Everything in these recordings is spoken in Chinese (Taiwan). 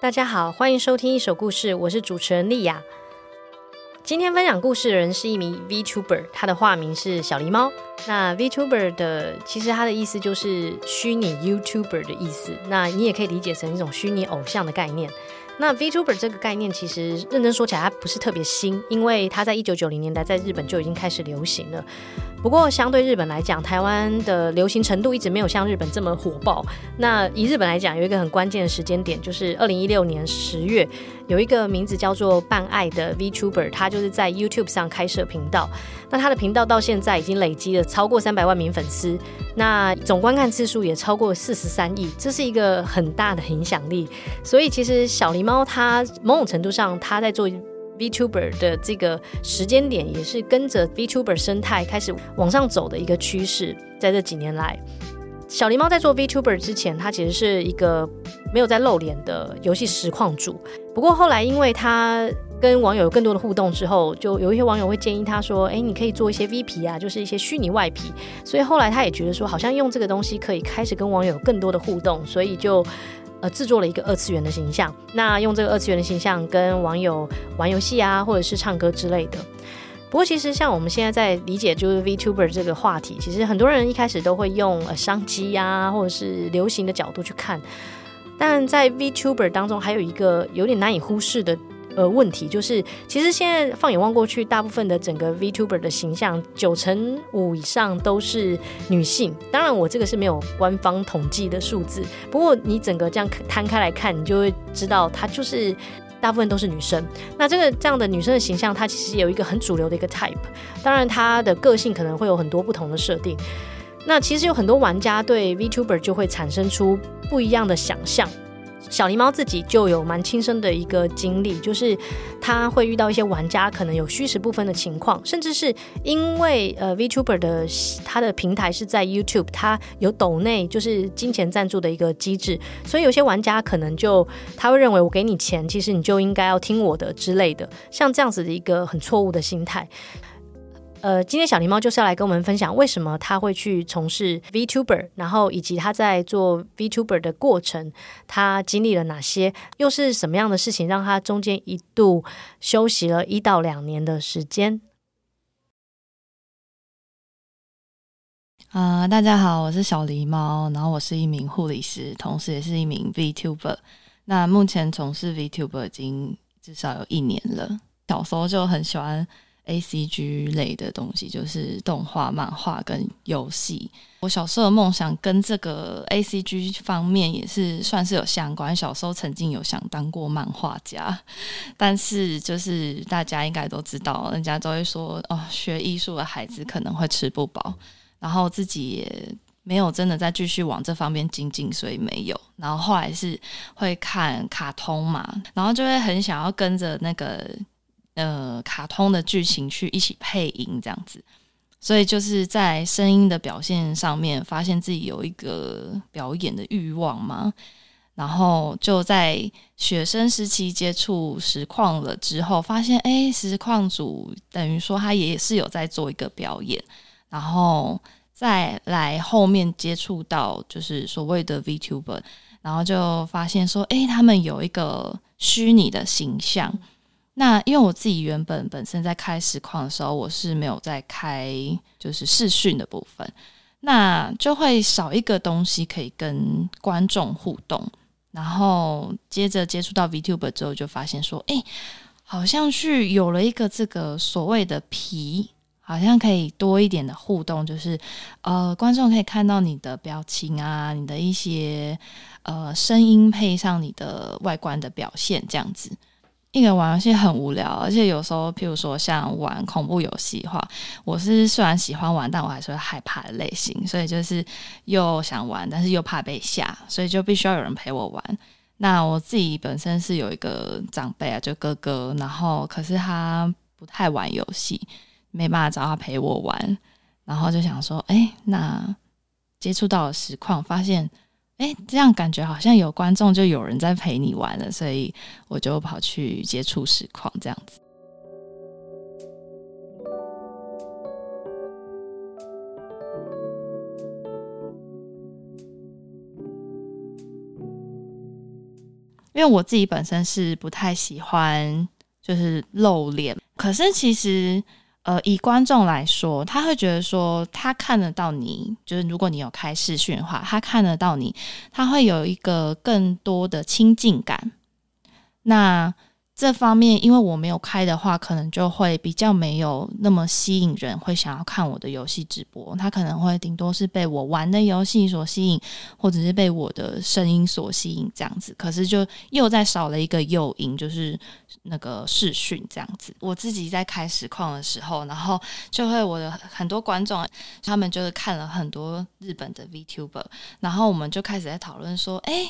大家好，歡迎收聽《一手故事》，我是主持人莉雅。今天分享故事的人是一名 VTuber，她的化名是小狸貓。那 VTuber 的其實他的意思就是虛擬 YouTuber 的意思，那你也可以理解成一種虛擬偶像的概念。那 VTuber 這個概念，其實認真說起來，它不是特別新，因為它在一九九零年代在日本就已經開始流行了。不過，相對日本來講，台灣的流行程度一直沒有像日本這麼火爆。那以日本來講，有一個很關鍵的時間點，就是二零一六年十月。有一個名字叫做“絆愛”的 Vtuber，他就是在 YouTube 上開設頻道。那他的頻道到現在已經累積了超過三百萬名粉絲，那總觀看次數也超過四十三億，這是一個很大的影響力。所以，其實小狸貓他某種程度上，他在做 Vtuber 的這個時間點，也是跟着 Vtuber 生態開始往上走的一個趨勢。在這幾年來，小狸貓在做 Vtuber 之前，他其實是一個沒有在露臉的遊戲實況主。不過後來，因為他跟網友有更多的互動之後，就有一些網友會建議他說：“哎，你可以做一些 V 皮啊，就是一些虛擬外皮。”所以後來他也覺得說，好像用這個東西可以開始跟網友有更多的互動，所以就呃製作了一個二次元的形象。那用這個二次元的形象跟網友玩遊戲啊，或者是唱歌之類的。不過其實像我們現在在理解就是 VTuber 這個話題，其實很多人一開始都會用，呃，商機啊，或者是流行的角度去看。但在 VTuber 當中，還有一個有點難以忽視的呃問題，就是其實現在放眼望過去，大部分的整個 VTuber 的形象，九成五以上都是女性。當然，我這個是沒有官方統計的數字，不過你整個這樣攤開來看，你就會知道，她就是大部分都是女生。那這個這樣的女生的形象，她其實有一個很主流的一個 type，當然她的個性可能會有很多不同的設定。那其實有很多玩家對 VTuber 就會產生出不一樣的想象，小狸貓自己就有蠻親身的一個經歷，就是他會遇到一些玩家可能有虛實不分的情況，甚至是因為呃 VTuber 的他的平台是在 YouTube，他有抖內就是金錢贊助的一個機制，所以有些玩家可能就他會認為，我給你錢，其實你就應該要聽我的之類的，像這樣子的一個很錯誤的心態。呃，今天小狸貓就是要來跟我們分享為什麼他會去從事 VTuber，然後以及他在做 VTuber 的過程，他經歷了哪些，又是什麼樣的事情讓他中間一度休息了一到兩年的時間？啊、呃，大家好，我是小狸貓，然後我是一名護理師，同時也是一名 VTuber。那目前從事 VTuber 已經至少有一年了，小時候就很喜歡。A C G 類的東西就是動畫、漫畫跟遊戲。我小時候的夢想跟這個 A C G 方面也是算是有相關。小時候曾經有想當過漫畫家，但是就是大家應該都知道，人家都會說哦，學藝術的孩子可能會吃不飽，嗯、然後自己也沒有真的再繼續往這方面精進，所以沒有。然後後來是會看卡通嘛，然後就會很想要跟着那個。呃，卡通的劇情去一起配音這樣子，所以就是在聲音的表現上面，發現自己有一個表演的慾望嘛。然後就在學生時期接觸實況了之後，發現哎、欸，實況主等於說他也是有在做一個表演。然後再來後面接觸到就是所謂的 VTuber，然後就發現說，哎、欸，他們有一個虛擬的形象。那因為我自己原本本身在開實況的時候，我是沒有在開就是視訊的部分，那就會少一個東西可以跟觀眾互動。然後接着接觸到 VTuber 之後，就發現說，哎、欸，好像是有了一個這個所謂的皮，好像可以多一點的互動，就是呃，觀眾可以看到你的表情啊，你的一些呃聲音配上你的外觀的表現，這樣子。一個人玩遊戲很無聊，而且有時候，譬如說像玩恐怖遊戲的話，我是雖然喜歡玩，但我還是會害怕的類型，所以就是又想玩，但是又怕被嚇，所以就必須要有人陪我玩。那我自己本身是有一個長輩啊，就哥哥，然後可是他不太玩遊戲，沒辦法找他陪我玩，然後就想說，哎、欸，那接觸到了實況，發現。哎、欸，這樣感覺好像有觀眾，就有人在陪你玩了，所以我就跑去接觸實況這樣子。因為我自己本身是不太喜歡就是露臉，可是其實。呃，以觀眾來說，他會覺得說，他看得到你，就是如果你有開視訊的話，他看得到你，他會有一個更多的親近感。那。這方面，因為我沒有開的話，可能就會比較沒有那麼吸引人，會想要看我的遊戲直播。他可能會頂多是被我玩的遊戲所吸引，或者是被我的聲音所吸引這樣子。可是就又再少了一個誘因，就是那個視訊這樣子。我自己在開實況的時候，然後就會我的很多觀眾，他們就是看了很多日本的 VTuber，然後我們就開始在討論說：“誒，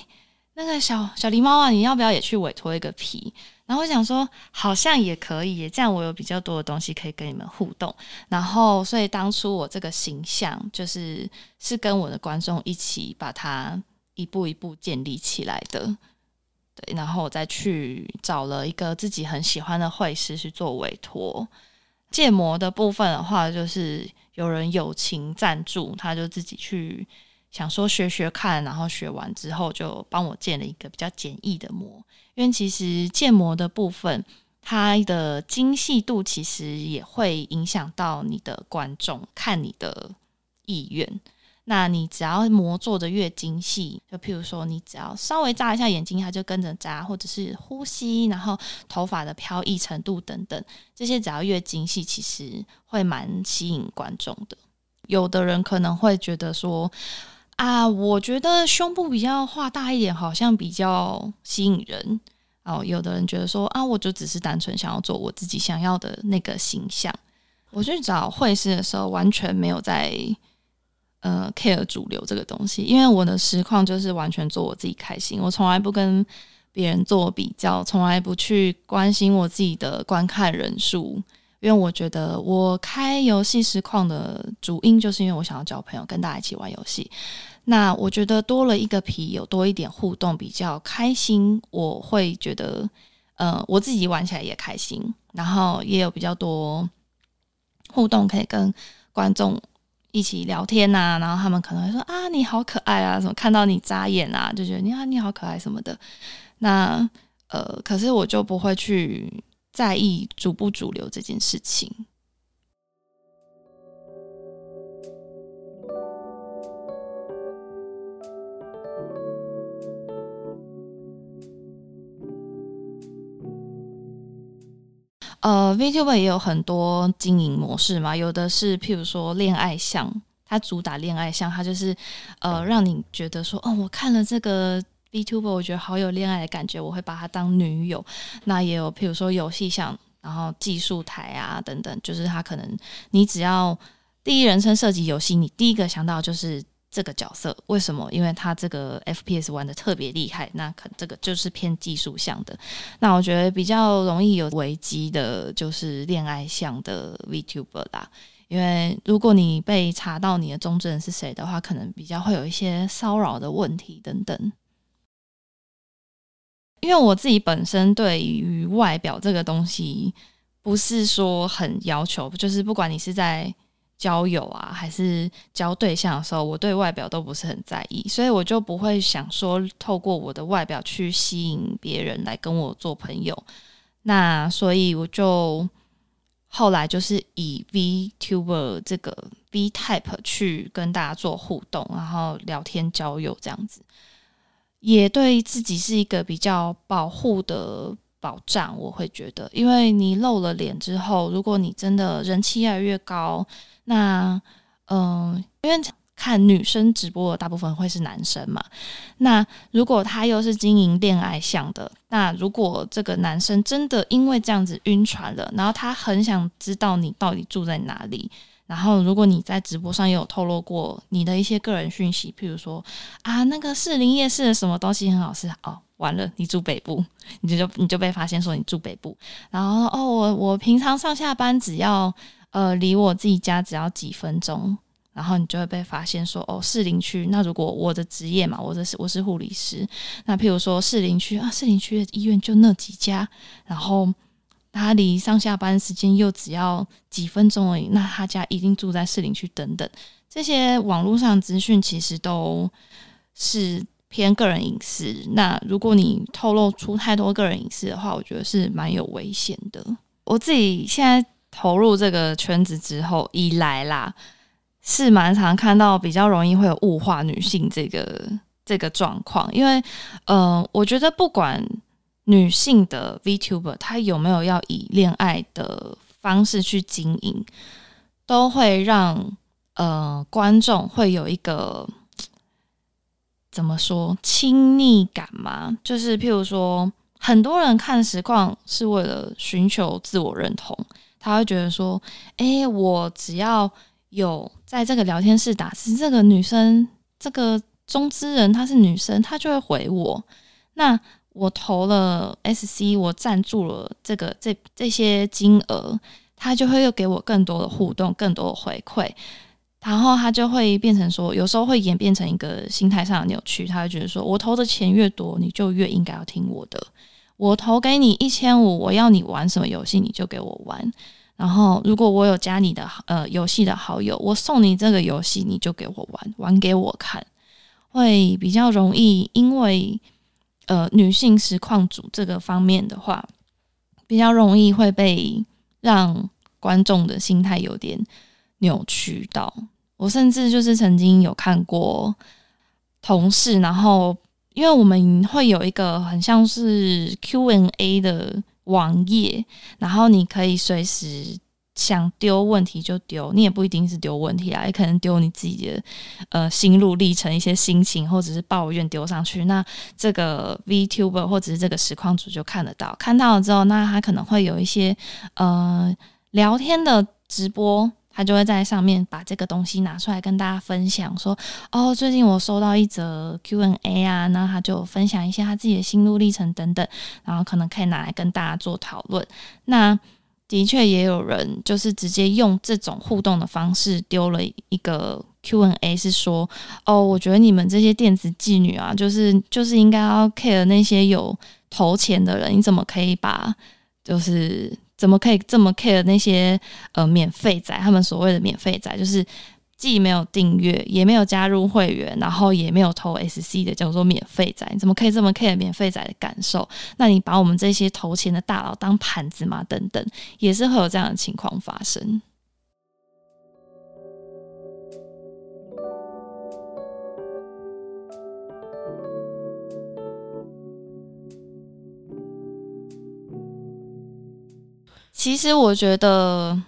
那個小小狸貓啊，你要不要也去委托一個皮？”然後我想說，好像也可以，這樣我有比較多的東西可以跟你們互動。然後，所以當初我這個形象就是是跟我的觀眾一起把它一步一步建立起來的。對，然後我再去找了一個自己很喜歡的繪師去做委託。建模的部分的話，就是有人友情贊助，他就自己去，想說學學看，然後學完之後就幫我建了一個比較簡易的模，因為其實建模的部分，它的精細度其實也會影響到你的觀眾看你的意願。那你只要模做的越精細，就譬如說你只要稍微眨一下眼睛，它就跟着眨，或者是呼吸，然後頭髮的飄逸程度等等，這些只要越精細，其實會蠻吸引觀眾的。有的人可能會覺得說啊，我覺得胸部比較畫大一點，好像比較吸引人。哦，有的人覺得說啊，我就只是單純想要做我自己想要的那個形象。我去找繪師的時候，完全沒有在呃 care 主流這個東西，因為我的實況就是完全做我自己開心，我從來不跟別人做比較，從來不去關心我自己的觀看人數。因為我覺得我開遊戲實況的主因，就是因為我想要交朋友，跟大家一起玩遊戲。那我覺得多了一個皮有多一點互動，比較開心。我會覺得，呃，我自己玩起來也開心，然後也有比較多互動，可以跟觀眾一起聊天吶、啊。然後他們可能會說：“啊，你好可愛啊！”什麼看到你眨眼啊，就覺得“你啊，你好可愛”什麼的。那呃，可是我就不會去。在意主不主流這件事情。呃 VTuber 也有很多經營模式嘛，有的是譬如說戀愛向，它主打戀愛向，它就是呃，讓你覺得說哦，我看了這個。VTuber 我覺得好有戀愛的感覺，我會把她當女友。那也有，譬如說遊戲向然後技術台啊等等，就是她可能你只要第一人稱射擊遊戲，你第一個想到就是這個角色。為什麼？因為他這個 FPS 玩得特別厲害。那可能這個就是偏技術向的。那我覺得比較容易有危機的，就是戀愛向的 VTuber 啦。因為如果你被查到你的中之人是誰的話，可能比較會有一些騷擾的問題等等。因為我自己本身對於外表這個東西，不是說很要求，就是不管你是在交友啊，還是交對象的時候，我對外表都不是很在意，所以我就不會想說透過我的外表去吸引別人來跟我做朋友。那所以我就後來就是以 VTuber 這個 V type 去跟大家做互動，然後聊天交友這樣子。也對自己是一個比較保護的保障，我會覺得，因為你露了臉之後，如果你真的人氣越來越高，那，嗯、呃，因為看女生直播的大部分會是男生嘛，那如果他又是經營戀愛向的，那如果這個男生真的因為這樣子暈船了，然後他很想知道你到底住在哪裡。然後，如果你在直播上也有透露過你的一些個人訊息，譬如說啊，那個士林夜市的什麼東西很好吃哦，完了，你住北部，你就就你就被發現說你住北部。然後哦，我我平常上下班只要呃離我自己家只要幾分鐘，然後你就會被發現說哦士林區。那如果我的職業嘛，我這是我是護理師，那譬如說士林區啊，士林區的醫院就那幾家，然後。他離上下班時間又只要幾分鐘而已，那他家一定住在市里去等等。這些網絡上資訊其實都是偏個人隱私。那如果你透露出太多個人隱私的話，我覺得是蠻有危險的。我自己現在投入這個圈子之後以來啦，是蠻常看到比較容易會有物化女性這個這個狀況。因為，嗯、呃，我覺得不管。女性的 VTuber，她有沒有要以戀愛的方式去經營，都會讓呃觀眾會有一個怎麼說親昵感嗎？就是譬如說，很多人看實況是為了尋求自我認同，他會覺得說：“誒、欸，我只要有在這個聊天室打字，這個女生，這個中之人，她是女生，她就會回我。”那我投了 SC，我贊助了這個這這些金額，他就會又給我更多的互動，更多的回饋，然後他就會變成說，有時候會演變成一個心態上的扭曲，他就覺得說我投的錢越多，你就越應該要聽我的。我投給你一千五，我要你玩什麼遊戲，你就給我玩。然後如果我有加你的呃遊戲的好友，我送你這個遊戲，你就給我玩，玩給我看，會比較容易，因為。呃，女性實況主這個方面的話，比較容易會被讓觀眾的心態有點扭曲到。我甚至就是曾經有看過同事，然後因為我們會有一個很像是 Q&A 的網頁，然後你可以隨時。想丟問題就丟，你也不一定是丟問題啊，也可能丟你自己的呃心路歷程、一些心情或者是抱怨丟上去。那這個 VTuber 或者是這個實況主就看得到，看到了之後，那他可能會有一些呃聊天的直播，他就會在上面把這個東西拿出來跟大家分享，說哦，最近我收到一則 Q&A 啊，那他就分享一些他自己的心路歷程等等，然後可能可以拿來跟大家做討論。那的確，也有人就是直接用這種互動的方式丟了一個 Q&A，是說哦，我覺得你們這些電子妓女啊，就是就是應該要 care 那些有投錢的人，你怎麼可以把就是怎麼可以這麼 care 那些呃免費仔？他們所謂的免費仔就是。既沒有訂閱，也沒有加入會員，然後也沒有投 SC 的，叫做免費仔，你怎麼可以這麼 care 免費仔的感受？那你把我們這些投錢的大佬當盤子嗎？等等，也是會有這樣的情況發生。其實我覺得。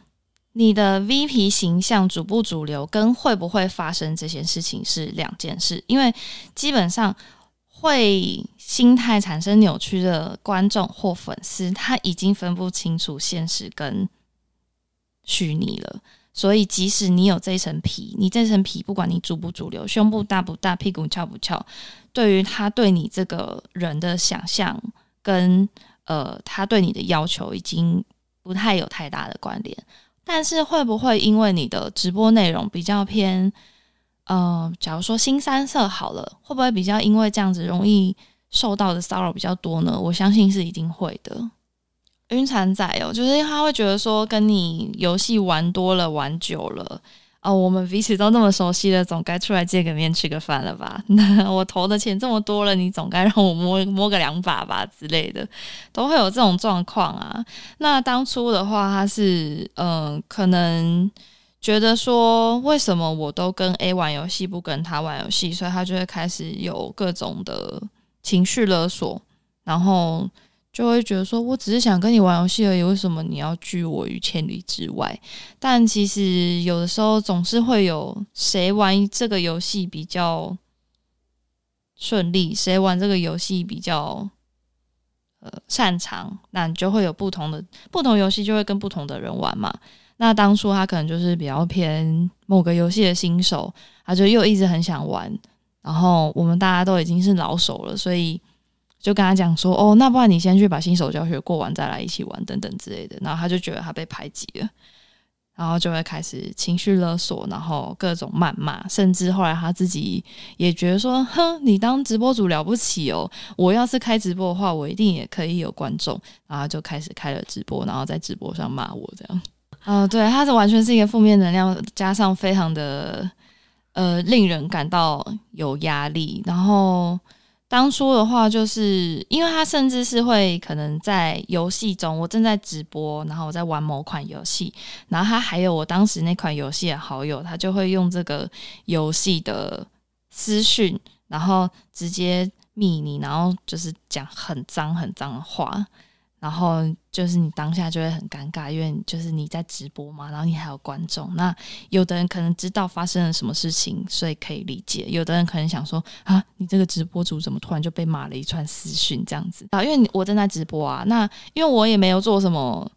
你的 V 皮形象主不主流，跟會不會發生這件事情是兩件事。因為基本上會心態產生扭曲的觀眾或粉絲，他已經分不清楚現實跟虛擬了。所以，即使你有這一層皮，你這層皮不管你主不主流，胸部大不大，屁股翹不翹，對於他對你這個人的想象，跟呃他對你的要求，已經不太有太大的關聯。但是會不會因為你的直播內容比較偏，呃，假如說腥羶色好了，會不會比較因為這樣子容易受到的騷擾比較多呢？我相信是一定會的。暈船仔哦，就是因為他會覺得說跟你遊戲玩多了、玩久了。哦，我們彼此都那麼熟悉了，總該出來見個面吃個飯了吧？那我投的錢這麼多了，你總該讓我摸摸個兩把吧之類的，都會有這種狀況啊。那當初的話，他是嗯、呃，可能覺得說，為什麼我都跟 A 玩遊戲，不跟他玩遊戲，所以他就會開始有各種的情緒勒索，然後。就會覺得說，我只是想跟你玩遊戲而已，為什麼你要拒我於千里之外？但其實有的時候總是會有誰玩這個遊戲比較順利，誰玩這個遊戲比較呃擅長，那你就會有不同的不同遊戲就會跟不同的人玩嘛。那當初他可能就是比較偏某個遊戲的新手，他就又一直很想玩，然後我們大家都已經是老手了，所以。就跟他講說，哦，那不然你先去把新手教學過完，再來一起玩等等之類的。然後他就覺得他被排擠了，然後就會開始情緒勒索，然後各種謾罵，甚至後來他自己也覺得說，哼，你當直播主了不起哦，我要是開直播的話，我一定也可以有觀眾。然後就開始開了直播，然後在直播上罵我這樣。啊、呃，對，他是完全是一個負面能量，加上非常的呃，令人感到有壓力，然後。當初的話，就是因為他甚至是會可能在遊戲中，我正在直播，然後我在玩某款遊戲，然後他還有我當時那款遊戲的好友，他就會用這個遊戲的資訊，然後直接密你，然後就是講很髒很髒的話。然後就是你當下就會很尷尬，因為就是你在直播嘛，然後你還有觀眾。那有的人可能知道發生了什麼事情，所以可以理解；有的人可能想說啊，你這個直播主怎麼突然就被罵了一串私訊這樣子啊？因為我正在直播啊，那因為我也沒有做什麼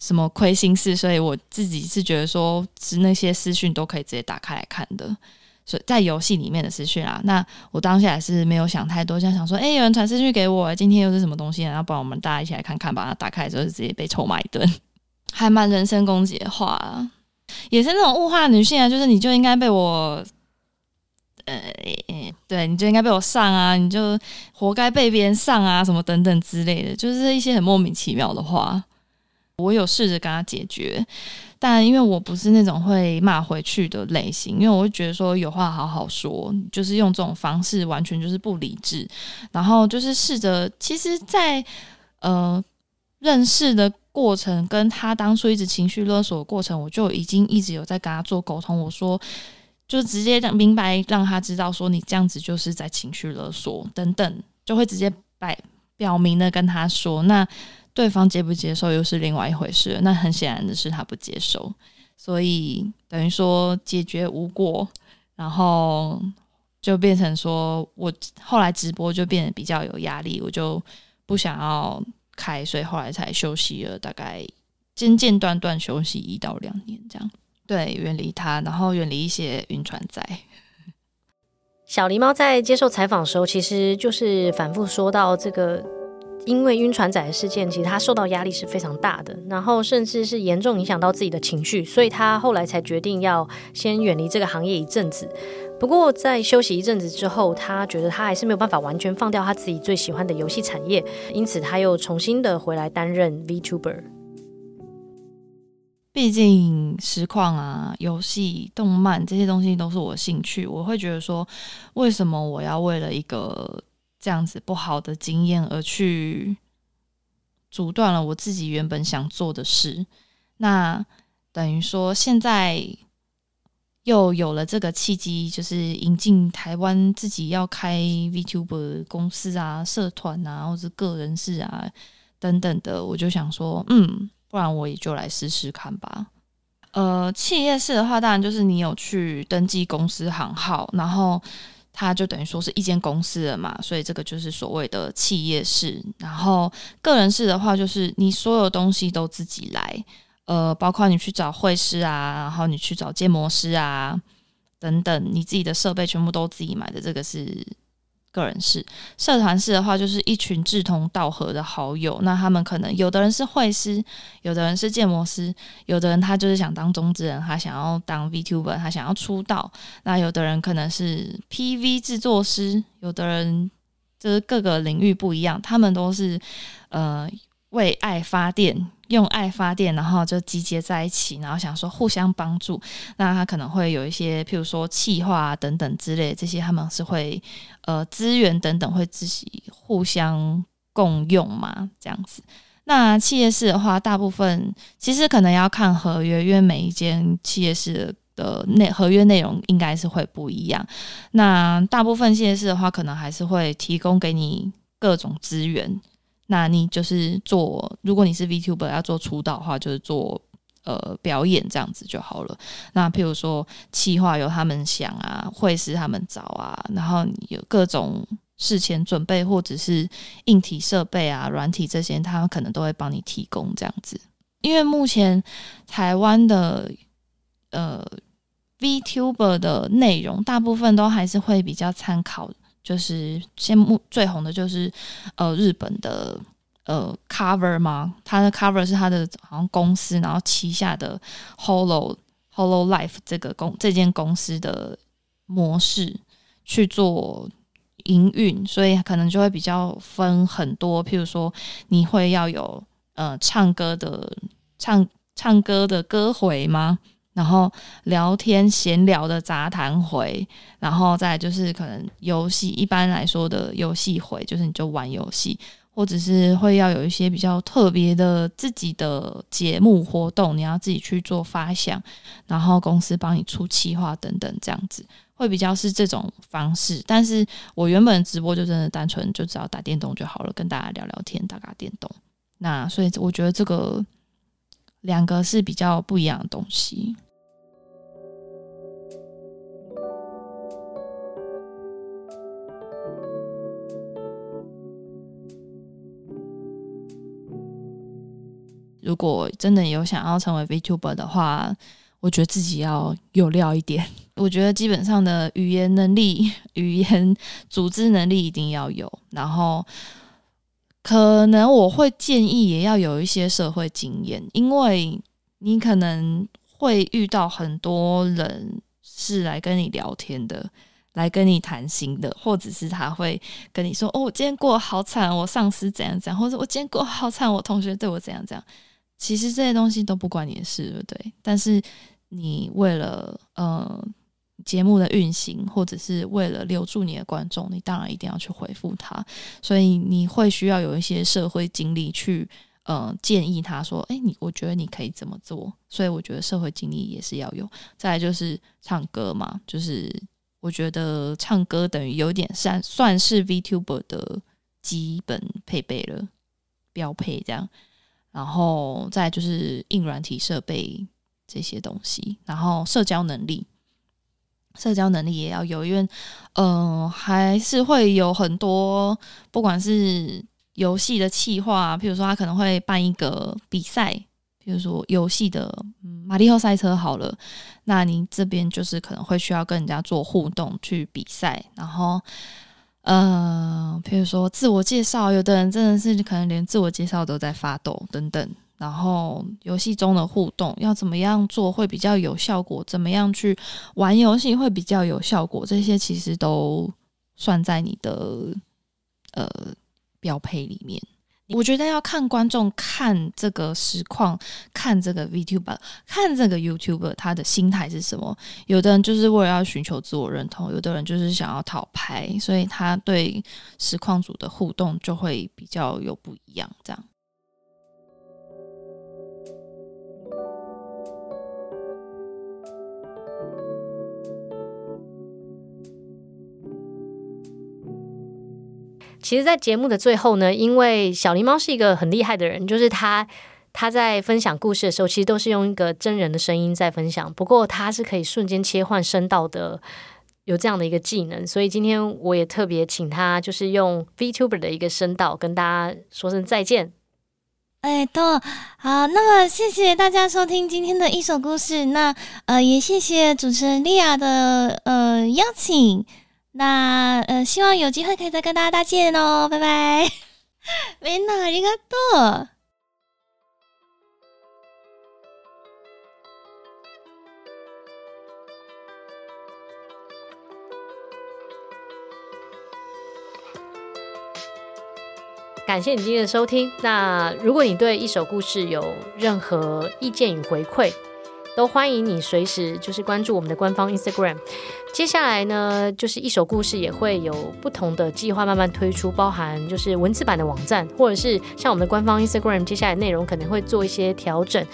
什麼虧心事，所以我自己是覺得說是那些私訊都可以直接打開來看的。所以在遊戲裡面的私訊啊，那我當下也是沒有想太多，就想說，哎、欸，有人傳私訊給我，今天又是什麼東西？然後不然我們大家一起來看看吧。把它打開之後直接被臭罵一頓，還蠻人身攻擊的話，也是那種物化女性啊，就是你就應該被我，呃、欸，對，你就應該被我上啊，你就活該被別人上啊，什麼等等之類的，就是一些很莫名其妙的話。我有試着跟他解決，但因為我不是那種會罵回去的類型，因為我會覺得說有話好好說，就是用這種方式完全就是不理智。然後就是試着其實在，在呃認識的過程跟他當初一直情緒勒索的過程，我就已經一直有在跟他做溝通，我說就直接讓明白讓他知道說你這樣子就是在情緒勒索等等，就會直接擺表明的跟他說那。對方接不接受又是另外一回事，那很顯然的是他不接受，所以等於說解決無果，然後就變成說我後來直播就變得比較有壓力，我就不想要開，所以後來才休息了，大概間間斷斷斷休息一到兩年這樣，對，遠離他，然後遠離一些暈船仔。小狸貓在接受採訪的時候，其實就是反覆說到這個。因為暈船仔的事件，其實他受到壓力是非常大的，然後甚至是嚴重影響到自己的情緒，所以他後來才決定要先遠離這個行業一陣子。不過，在休息一陣子之後，他覺得他還是沒有辦法完全放掉他自己最喜歡的遊戲產業，因此他又重新的回來擔任 Vtuber。畢竟，實況啊、遊戲、動漫這些東西都是我興趣，我會覺得說，為什麼我要為了一個。這樣子不好的經驗而去阻斷了我自己原本想做的事。那等於說，現在又有了這個契機，就是引進台灣自己要開 VTuber 公司啊、社團啊，或者是個人事啊等等的。我就想說，嗯，不然我也就來試試看吧。呃，企業式的話，當然就是你有去登記公司行號，然後。他就等於說是一間公司了嘛，所以這個就是所謂的企業式。然後個人式的話，就是你所有東西都自己來，呃，包括你去找繪師啊，然後你去找建模師啊，等等，你自己的設備全部都自己買的，這個是。個人是社團式的話，就是一群志同道合的好友。那他們可能有的人是繪師，有的人是建模師，有的人他就是想當中之人，他想要當 VTuber，他想要出道。那有的人可能是 PV 製作師，有的人就是各個領域不一樣，他們都是呃。為愛發電，用愛發電，然後就集結在一起，然後想說互相幫助。那他可能會有一些，譬如說企劃，等等之類，這些他們是會呃資源等等會自己互相共用嘛，這樣子。那企業勢的話，大部分其實可能要看合約，因為每一間企業勢的內合約內容應該是會不一樣。那大部分企業勢的話，可能還是會提供給你各種資源。那你就是做，如果你是 Vtuber 要做出道的話，就是做呃表演這樣子就好了。那譬如說，企劃由他們想啊，繪師他們找啊，然後你有各種事前準備，或者是硬體設備啊、軟體這些，他們可能都會幫你提供這樣子。因為目前台灣的呃 Vtuber 的內容，大部分都還是會比較參考。就是現目最紅的就是呃日本的呃 cover 嘛，它的 cover 是它的好像公司，然後旗下的 holo hololive 這個公這間公司的模式去做營運，所以可能就會比較分很多。譬如說，你會要有呃唱歌的唱唱歌的歌回嗎？然後聊天閒聊的雜談回，然後再就是可能遊戲一般來說的遊戲回，就是你就玩遊戲，或者是會要有一些比較特別的自己的節目活動，你要自己去做發想，然後公司幫你出企劃等等這樣子，會比較是這種方式。但是我原本直播就真的單純，就只要打電動就好了，跟大家聊聊天，打打電動。那所以我覺得這個兩個是比較不一樣的東西。如果真的有想要成為 VTuber 的話，我覺得自己要有料一點。我覺得基本上的語言能力、語言組織能力一定要有。然後，可能我會建議也要有一些社會經驗，因為你可能會遇到很多人是來跟你聊天的，來跟你談心的，或者是他會跟你說：“哦，我今天過得好慘，我上司怎樣怎樣，或者我今天過得好慘，我同學對我怎樣怎樣。”其實這些東西都不關你的事，對不對？但是你為了呃節目的運行，或者是為了留住你的觀眾，你當然一定要去回復他。所以你會需要有一些社會經歷去呃建議他說：“哎、欸，你我覺得你可以怎麼做？”所以我覺得社會經歷也是要有。再來就是唱歌嘛，就是我覺得唱歌等於有點算算是 Vtuber 的基本配備了標配這樣。然後再就是硬軟體設備這些東西，然後社交能力，社交能力也要有，因為嗯，呃，還是會有很多，不管是遊戲的企劃，譬如說他可能會辦一個比賽，譬如說遊戲的，嗯，馬里奧賽車好了，那你這邊就是可能會需要跟人家做互動去比賽，然後。呃，比如說自我介紹，有的人真的是可能連自我介紹都在發抖等等。然後遊戲中的互動要怎麼樣做會比較有效果？怎麼樣去玩遊戲會比較有效果？這些其實都算在你的呃標配裡面。我覺得要看觀眾看這個實況，看這個 Vtuber，看這個 YouTuber 他的心態是什麼？有的人就是為了要尋求自我認同，有的人就是想要討拍，所以他對實況主的互動就會比較有不一樣這樣。其實，在節目的最後呢，因為小狸貓是一個很厲害的人，就是他他在分享故事的時候，其實都是用一個真人的聲音在分享。不過，他是可以瞬間切換聲道的，有這樣的一個技能。所以今天我也特別請他，就是用 VTuber 的一個聲道跟大家說聲再見。哎、欸，都好。那麼，謝謝大家收聽今天的一手故事。那呃，也謝謝主持人莉雅的呃邀請。那，呃，希望有機會可以再跟大家再見哦，拜拜。み んなありがとう。感謝你今天的收聽。那如果你對一手故事有任何意見與回饋，都歡迎你隨時就是關注我們的官方 Instagram。接下來呢，就是一手故事也會有不同的計劃慢慢推出，包含就是文字版的網站，或者是像我們的官方 Instagram，接下來的內容可能會做一些調整，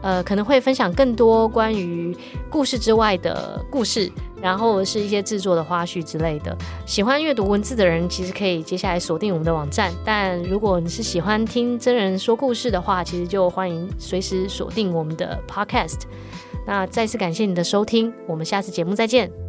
呃，可能會分享更多關於故事之外的故事。然後是一些製作的花絮之類的，喜歡閱讀文字的人，其實可以接下來鎖定我們的網站。但如果你是喜歡聽真人說故事的話，其實就歡迎隨時鎖定我們的 podcast。那再次感謝你的收聽，我們下次節目再見。